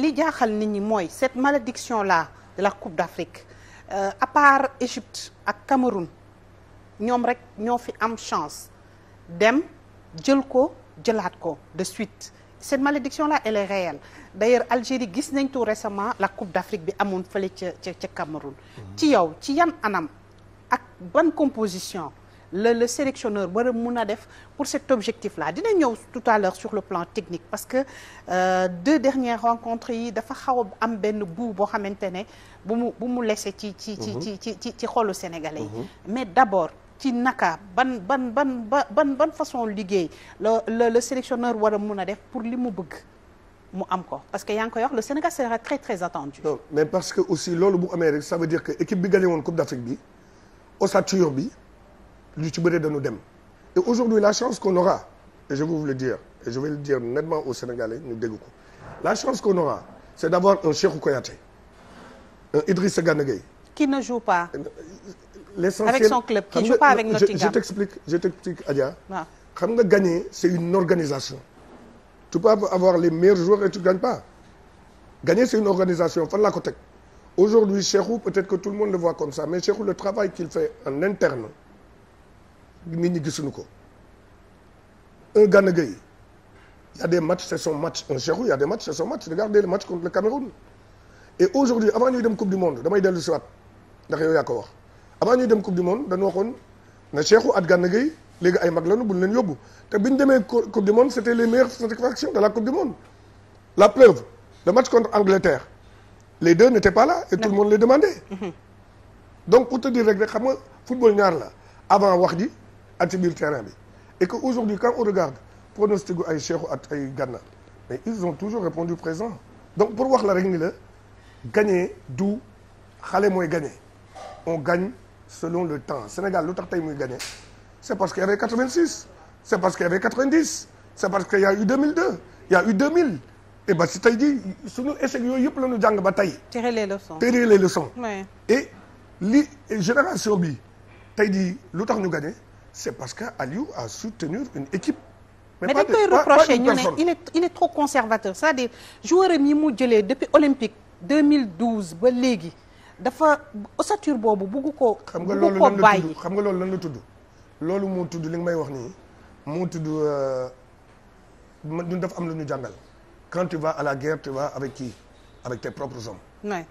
li jaaxal nit ñi mooy cette malédiction la de la Coupe d'Afrique euh, à part Égypte ak Cameroun ñoom rek ñoo fi am chance dem jël ko jëlaat ko de suite cette malédiction la elle est réelle d'ailleurs Algérie gis nañ tout récemment la Coupe d'Afrique bi amoon fële ca ca ca Cameroun. Mhm. ci yow ci yan anam ak ban composition. la le sélectionneur war mun a def pour cet objectif la dina ñëw tout à l'heure sur le plan technique parce que euh, deux dernières rencontres yi dafa xaw a am benn buu boo xamante ne bu mu bu mu lese ci ci mhm. ci ci ci ci xolu sénégalais yi mhm. mais d'abord ci naka ban ban ban ban ban façon liggéey la la le sélectionneur war mun a def pour li mu bëgg mu am ko parce que yaa ngi koy wax le Sénégal sera très très attendu. mais parce que aussi loolu bu amee rek ça veut dire que équipe bi gagné woon Coupe d'Afrique bi bi. ñu ci bëri dañu dem et aujourd'hui la chance qu'on aura et je vais le dire et je vais le dire nettement aux Sénégalais ñu dégg ko la chance qu'on aura c'est d'avoir un Cheikhou Kouyaté un Idrissa Gana Gueye qui ne joue pas l'essentiel avec son club qui joue pas avec Nottingham je t'explique je t'explique Adja xam nga gagner c'est une organisation tu peux avoir les meilleurs joueurs et tu gagnes pas gagner c'est une organisation fan laa ko teg aujourd'hui Cheikhou peut-être que tout le monde nit ñi gisuñu ko un euh, Gana Gueye il y a des matchs c'est son match un Cheikhou il y a des matchs c'est son match regardez le match contre le Cameroun et aujourd'hui avant ñuy dem coupe du monde damay dellu si ndax yow yaa ko wax avant ñuy dem coupe du monde dañu waxoon na Cheikhou at Gana Gueye léegi ay mag lañu buñ leen yóbbu te bi biñ demee coupe du monde c'était les meilleures satisfactions de la coupe du monde la preuve le match contre Angleterre les deux n'étaient pas là et tout le monde mm-hmm. donc pour te rek rek xam nga football ñaar la avant wax ji ak ci biir terrain bi et que aujourd'hui quand on regarde pronostic gu ay Cheikhou ak ay Gana mais ils ont toujours répondu présent donc pour wax la rek ni la gagner du xale mooy gagner on gagne selon le temps Sénégal lu tax tey muy gagner c'est parce qu'il y avait 86 c'est parce qu'il y avait 90 c'est parce qu'il y a eu 2002 il y a eu et ba si tey jii suñu échec yooyu yëpp la ñu jàng ba tey. tirer les leçons tirer les leçons. et li génération bi tey jii lu tax ñu gagner. c'est parce que Aliou a su tenir une équipe. mais, mais pas dañ koy ne il est il est trop conservateur c'est-à-dire joueur am yi mu jëlee depuis olympique ba léegi dafa ossature boobu bugg ko. bugg ko bàyyi xam nga loolu lan la tudd loolu moo tudd li nga may wax nii moo tudd euh, ñun dafa am lu ñu jàngal. quand tu vas à la guerre tu vas avec qui avec tes propres hommes.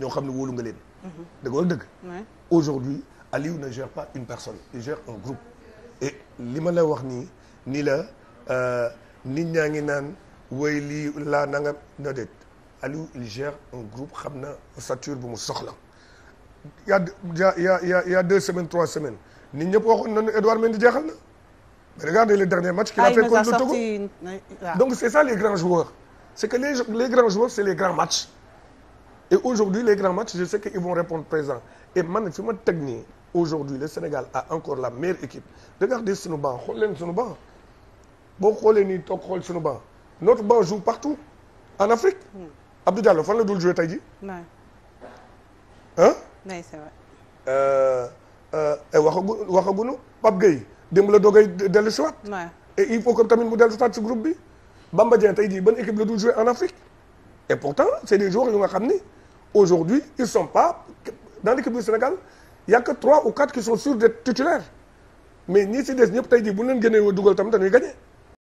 ñoo xam ne wóolu nga leen. Mhm. dëgg aujourd'hui Aliou ne gère pas une personne il gère un groupe et li ma la wax nii ni la euh, nit ñaa ngi naan woy lii laa nangam no déet Aliou il gère un groupe xam na stature bu mu soxla y a y a y a y a deux semaines trois semaines nit ñëpp waxoon nañu Edouard Mendy jeexal na mais regardez les derniers matchs qu'il a ah, fait contre le Togo donc c'est ça les grands joueurs c'est que les les grands joueurs c'est les grands matchs et aujourd'hui les grands matchs je sais qu'ils vont répondre présent et man fi ma teg nii aujourd'hui le Sénégal a encore la meilleure équipe regardez sunu banc xool leen sunu banc boo xoolee nii toog xool sunu banc notre banc joue partout en Afrique. Hmm. Abdou Diallo fan la dul jouer tey jii. non. ah. oui c'est vrai. Euh, euh, eh, waxagu waxaguñu Pape Gueye la doogay dellu si waat. et il faut que tamit mu dellu si waat si groupe bi. Bamba Dieng tey jii ban équipe la dul jouer en Afrique. et pourtant c'est des joueurs yu nga xam ni aujourd'hui ils sont pas dans l'équipe du Sénégal. y a que trois ou quatre qui sont sûrs d'être titulaires mais ñi si des ñëpp tey jii bu leen génnee dugal tam dañuy gagné